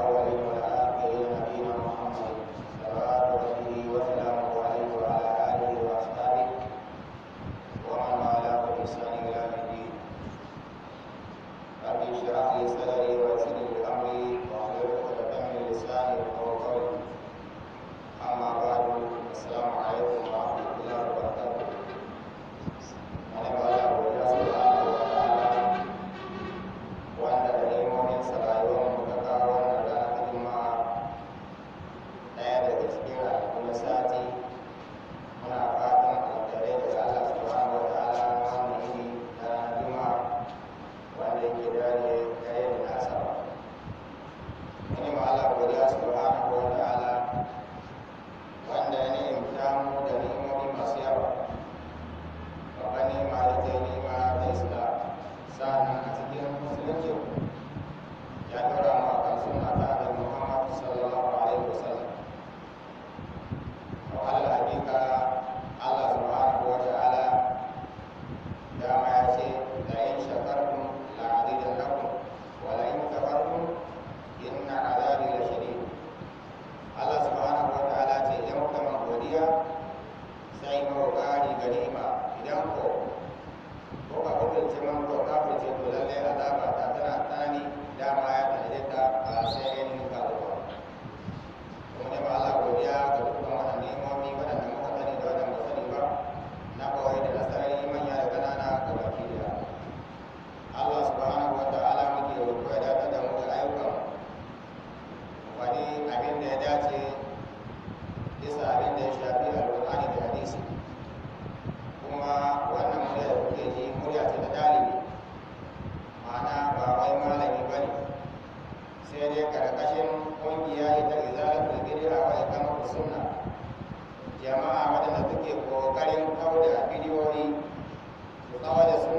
¡Gracias! Amen.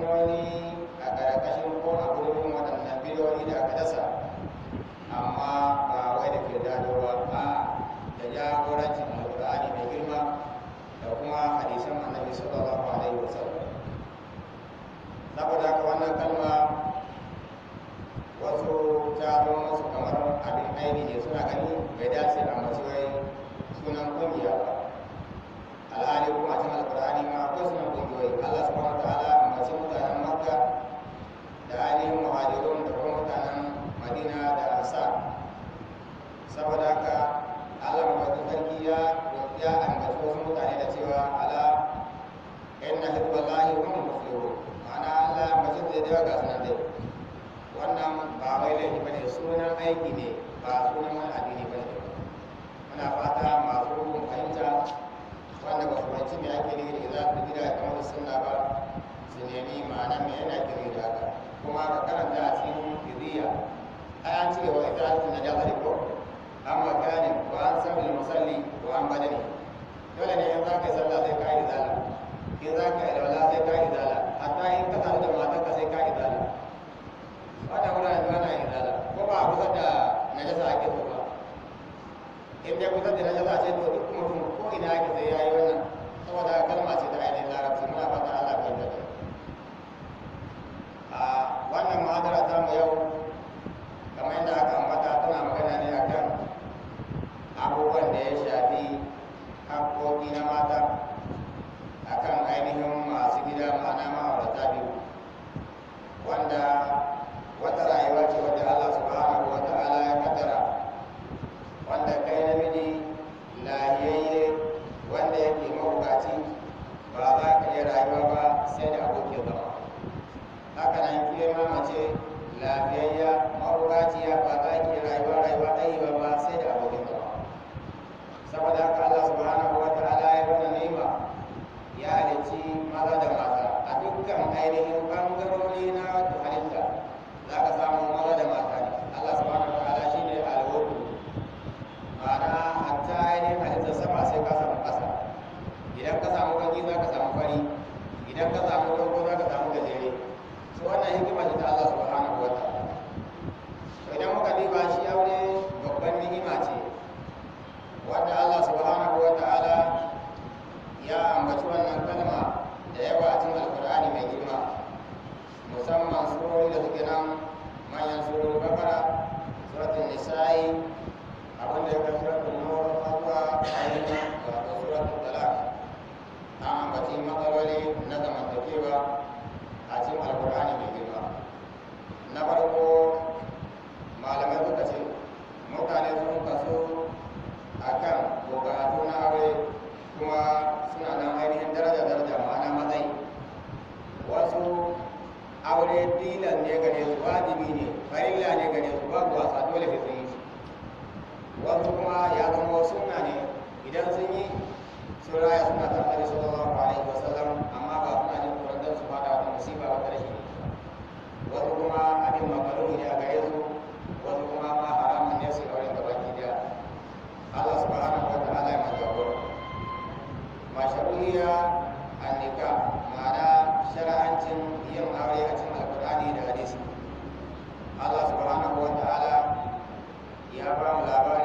wani a ƙarƙashin ko a gurbin waɗannan bidiyoyi da aka dasa amma ba wai da ke dado ba a da jagorancin alƙur'ani mai girma da kuma hadisan annabi sallallahu alaihi wasallam saboda haka wannan kalma wasu ta zama musu kamar abin aini ne suna gani bai dace a mace inna hizballahi hum muflihun ma'ana Allah mutum zai dawo ga sunan dai wannan ba wai laifi bane sunan aiki ne ba sunan wani addini bane muna fata masu rubun fahimta wanda ba su fahimci me ake nufi da za su gida kamar sunna ba su nemi ma'ana me yana kiri da haka kuma ka karanta a cikin kiriya ai an cire wa ita na jazari ko an makanin wa an sami musalli wa an badani dole ne in za ka yi sallah sai ka yi da zalim in za ka ilala sai ka izala hatta in ka sadu da matarka sai ka izala wata wurare ba na izala ko ba a kusa da najasa ake so ba in dai kusa da najasa ce to duk mutum ko ina ake sai ya yi wannan saboda Amen. ruya a ma'ana shara'ancin yin aure a cikin alkur'ani da hadisi allah subhanahu wa ta'ala ya ba mu labari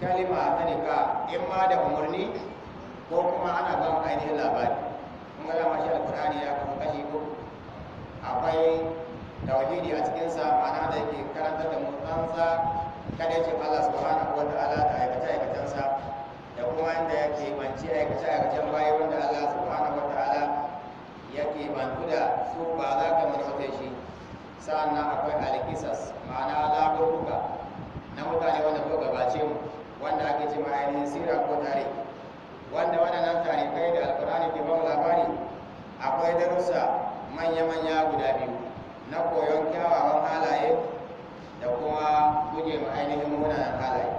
kalima a ka. in ma da umarni ko kuma ana ba mu ainihin labari in ga lamar shi alkur'ani ya kuma kashi ko akwai tauhidi a cikinsa ma'ana da yake karanta da mu tsantsa kada yake Allah subhanahu wa ta'ala da aikace aikacensa da kuma inda yake banci aikace aikacen bayi wanda Allah subhanahu wa ta'ala yake bantu da su ba za ka manautai shi sa'annan akwai alkisas ma'ana labaruka na mutane wanda ko gabace mu wanda ake ce ma ainihin sira ko tare wanda waɗannan tarikai da alkur'ani ke bamu labari akwai darussa manya-manya guda biyu na koyon kyawawan halaye da kuma guje ma ainihin munanan halaye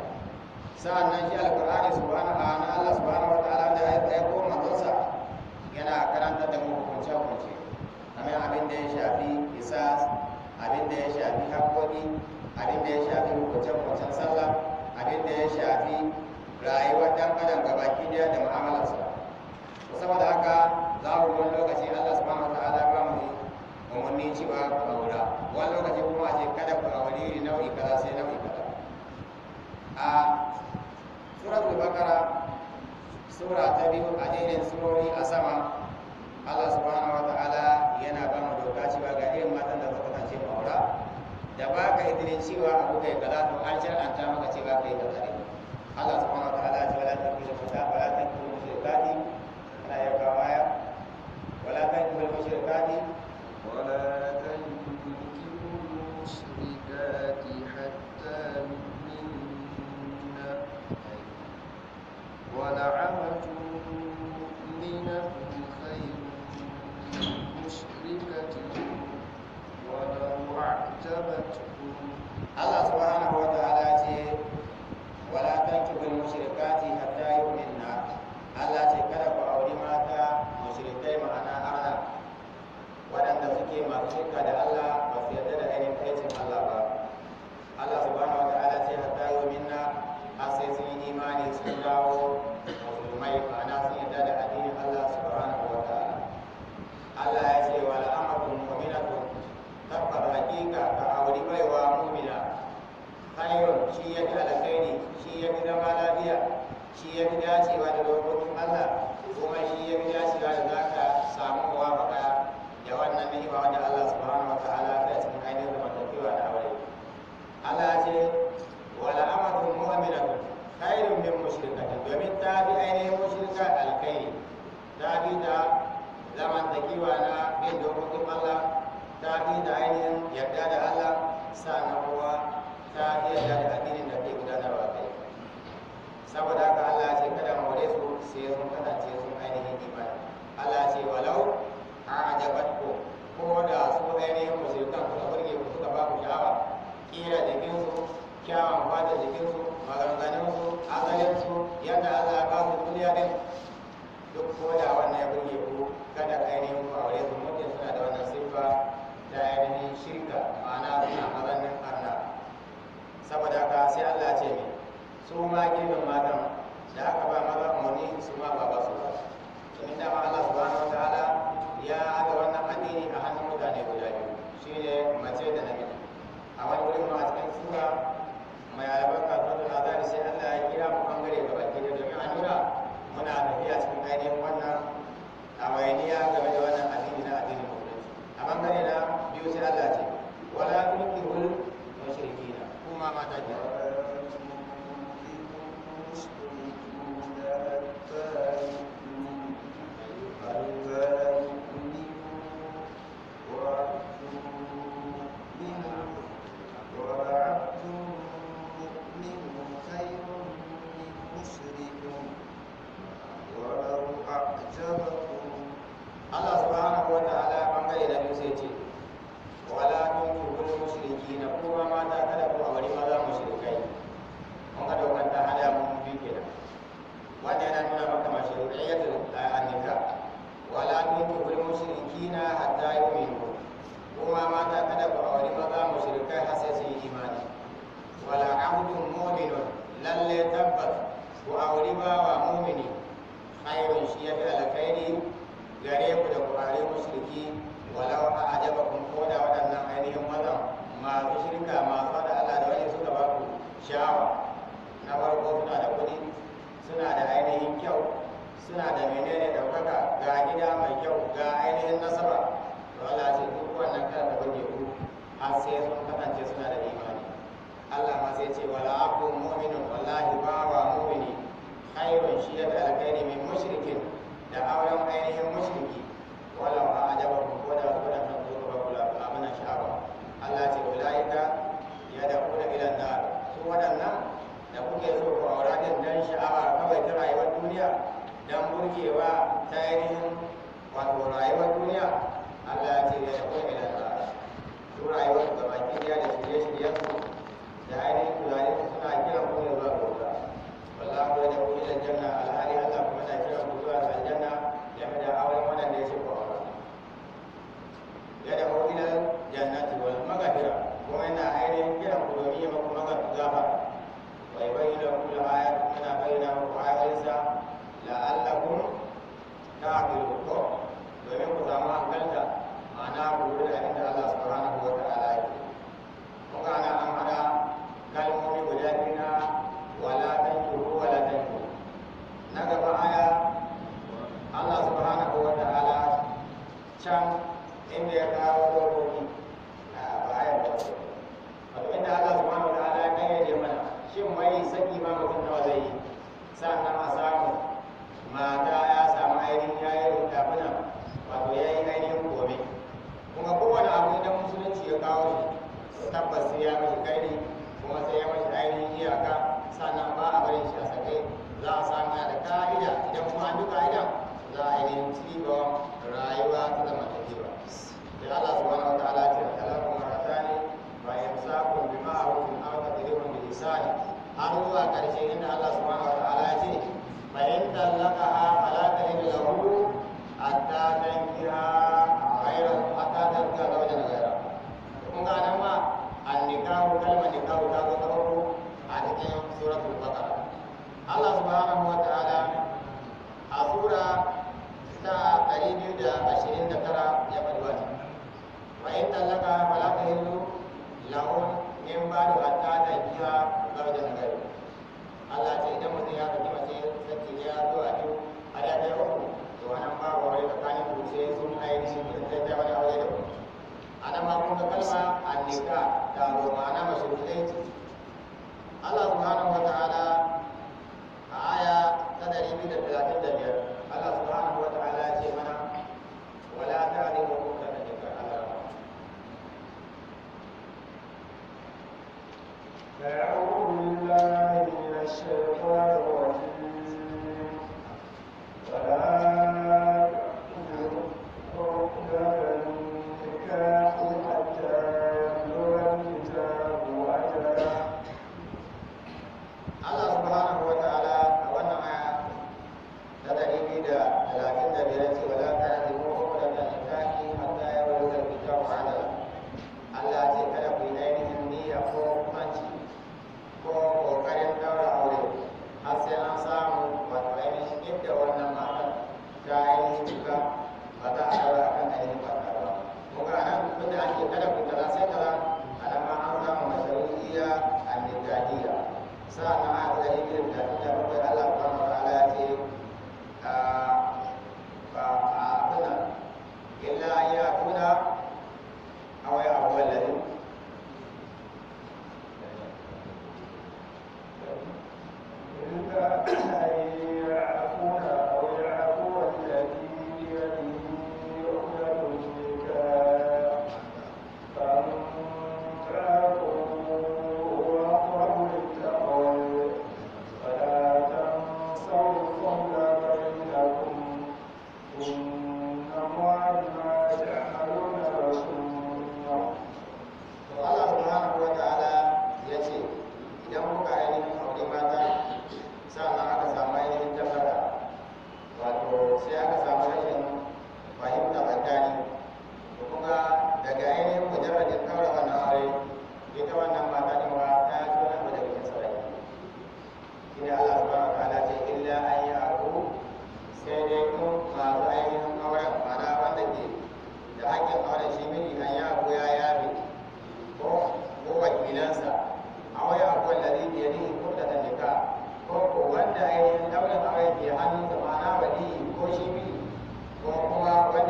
nan shi alkur'ani subhanahu wa ta'ala Allah subhanahu wa ta'ala da ya ko manzonsa yana karanta da mu hukunce hukunce kamar abin da ya shafi isa abin da ya shafi haƙoƙi abin da ya shafi hukunce hukuncen sallah abin da ya shafi rayuwar dan adam gabaki daya da mu'amalarsa saboda haka za mu wani lokaci Allah subhanahu wa ta'ala ba mu umarni cewa ku aura wani lokaci kuma a ce kada ku aure nau'i kaza sai nau'i kaza a al-baqara sura ta biyu a jerin surori a sama Allah subhanahu wa ta'ala cewa abu kai kaza to an shar'anta maka cewa kai kaza ne Allah subhanahu wa ta'ala ya ce wala taqulu fataha Gracias. fi da zamantakewa na bin dokokin Allah ta fi da ainihin yarda da Allah sannan kuma ta fi yarda da addinin da ke gudanarwa kai saboda haka Allah ce kada more su sai sun ce sun ainihin imani Allah ce walau a ajabat ko da su ainihin musulkan suka burge ku suka ba ku shawa kira su, kyawun fata su, maganganunsu su, yadda Allah ya ba su duniya din duk ko da wannan ya burge ku kada ainihin ku aure su muddin suna da wannan siffa ta ainihin shirka ma'ana suna mazannin arna saboda haka sai Allah ce mai su ma gidan matan da aka ba maza umarni su ma ba ba su Java ainihin kyau suna da menene ɗaukaka ga gida mai kyau ga ainihin nasara to Allah ce duk wannan kan da bane ku har sai sun kasance suna da imani Allah ma sai ce wala aku mu'minun wallahi bawa mu'mini khairun shi ya da alkhairi min mushrikin da auren ainihin mushriki wala ma ajaba ko da ko da kan zuwa ba kula ba abana sha'aba Allah ce ulaika yad'una ila an-nar su wadannan da kuke so ku aura din dan sha'awa kawai ta rayuwar duniya dan burgewa ta ainihin wato rayuwar duniya Allah ya ce ya ko ila ta su rayuwar da baki da shirye-shiryen su da ainihin tunanin suna kiran inda Allah subhanahu wa ta'ala ya ce fa in talaqaha fala tahillu lahu hatta tankiha ghayra hatta tankiha ghayra kun ga nan ma annikahu kal kalma annika taro ma'ana Allah subhanahu wa ta'ala a aya ta ɗari biyu da talatin da biyar Allah subhanahu wa ta'ala ya ce mana wala ta'rifu kunta da nikah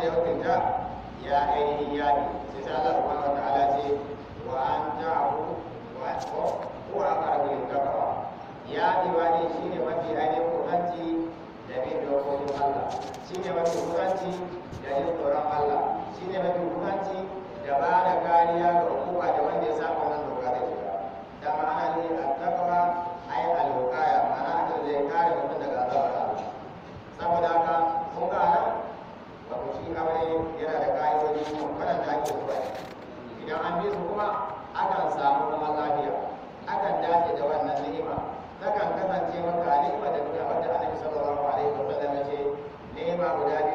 daukin ta ya ainihin yaɗi sai sai Allah subhanahu wa ta'ala ce wa an wa ko ne ya shine mafi ainihin da bin dokokin Allah shine mafi da yin tsoron Allah shine mafi da ba da kariya ga hukuma da wanda ya saba wannan doka da da ma'ana ne al-taqwa ay al ma'ana da zai kare mutum daga saboda haka ga nan shi aure yana da kuma ƙa'idodi da ake zuwa idan an bi su kuma akan samu zama lafiya akan dace da wannan ni'ima takan kasance maka ni'ima da duka wadda annabi sallallahu alaihi wa sallam ya ce ni'ima guda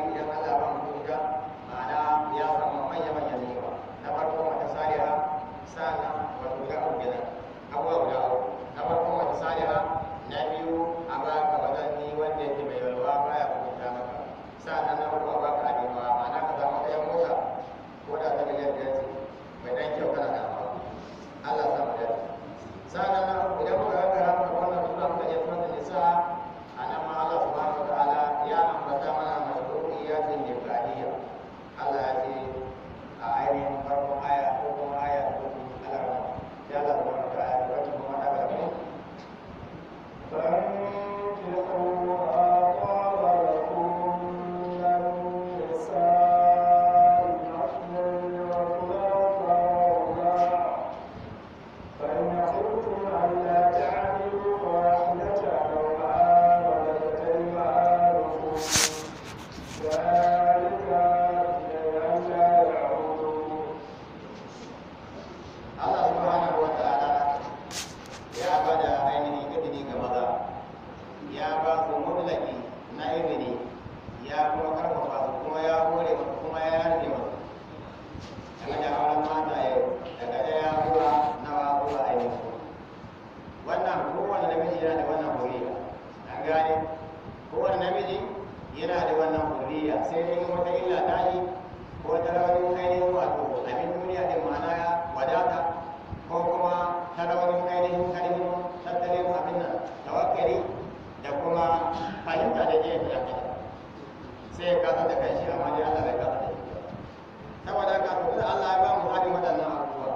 Ko wani namiji yana da wannan kuriya sai dai wata illa ta yi ko ta rauni ainihin wato abin duniya din ma'ana ya wadata ko kuma ta rauni ainihin karfin tattalin abin nan tawakkali da kuma fahimta da jiya da kai sai ka kasa kai shi amma dai Allah bai kasa ta saboda haka to da Allah ya ba mu hadin waɗannan abubuwa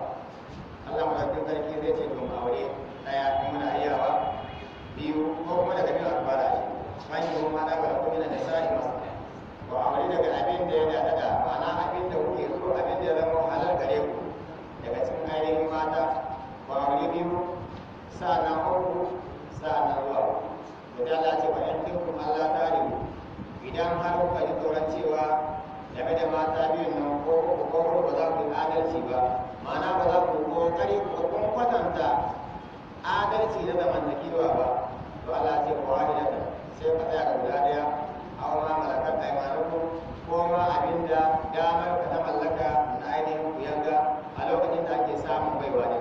Allah mu da sarki zai ce ma aure daya muna iyawa sa'annan farko sa'annan ruwa da dala ce ba yan kirkun allah ta tarihi idan har kuka ji tsoron cewa game da mata biyun nan ko uku ko huɗu ba za ku yi adalci ba ma'ana ba za ku kokari ku kuma kwatanta adalci na zamantakewa ba to allah ce kowa ne daga sai ka tsaya ga guda ɗaya a wani malakar ɗaimaninku ko ma abin da damar ka ta mallaka na ainihin ku yanga a lokacin da ake samun baiwa ne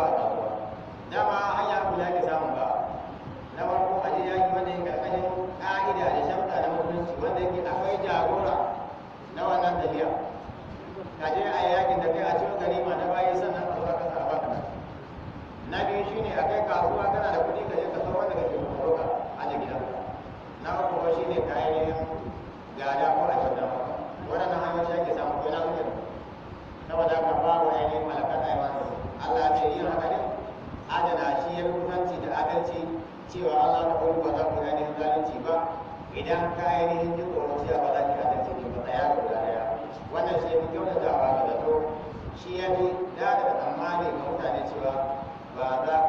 Vada